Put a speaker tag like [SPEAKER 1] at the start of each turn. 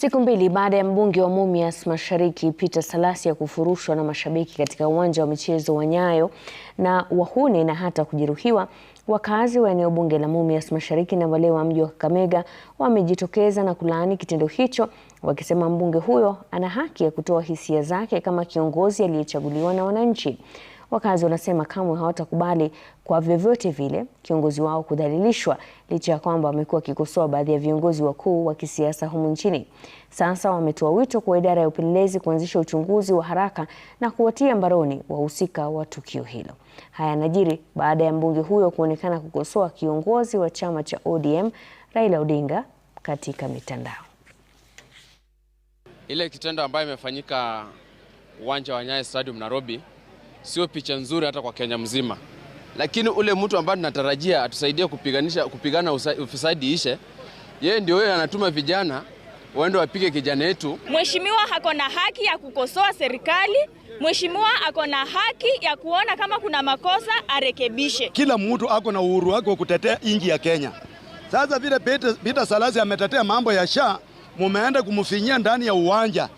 [SPEAKER 1] Siku mbili baada ya mbunge wa Mumias Mashariki Peter Salasya kufurushwa na mashabiki katika uwanja wa michezo wa Nyayo na wahune na hata kujeruhiwa, wakazi wa eneo bunge la Mumias Mashariki na wale wa mji wa Kakamega wamejitokeza na kulaani kitendo hicho, wakisema mbunge huyo ana haki ya kutoa hisia zake kama kiongozi aliyechaguliwa na wananchi. Wakazi wanasema kamwe hawatakubali kwa vyovyote vile kiongozi wao kudhalilishwa, licha ya kwamba wamekuwa wakikosoa baadhi ya viongozi wakuu wa kisiasa humu nchini. Sasa wametoa wito kwa idara ya upelelezi kuanzisha uchunguzi wa haraka na kuwatia mbaroni wahusika wa tukio hilo. Haya yanajiri baada ya mbunge huyo kuonekana kukosoa kiongozi wa chama cha ODM Raila Odinga katika mitandao.
[SPEAKER 2] Ile kitendo ambayo imefanyika uwanja wa Nyayo Stadium Nairobi sio picha nzuri hata kwa Kenya mzima, lakini ule mtu ambaye tunatarajia atusaidie kupiganisha kupigana ufisadi ishe, yeye ndio yeye anatuma vijana waende wapige kijana yetu.
[SPEAKER 3] Mheshimiwa ako na haki ya kukosoa serikali, mheshimiwa ako na haki ya kuona kama kuna makosa arekebishe.
[SPEAKER 4] Kila mtu ako na uhuru wake wa kutetea inji ya Kenya. Sasa vile Peter, Peter Salasi ametetea mambo ya sha, mumeenda kumfinyia ndani ya uwanja.